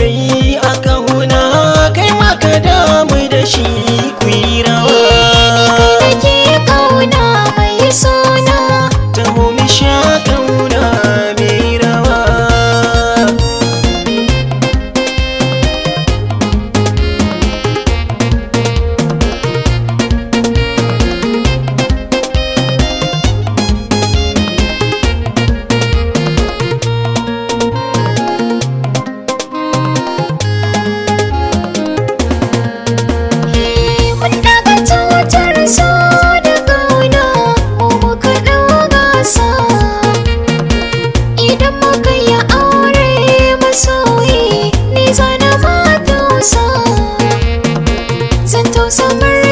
kai aka huna kai maka damu da shi kwira kake kauna mai suna ta mu so summer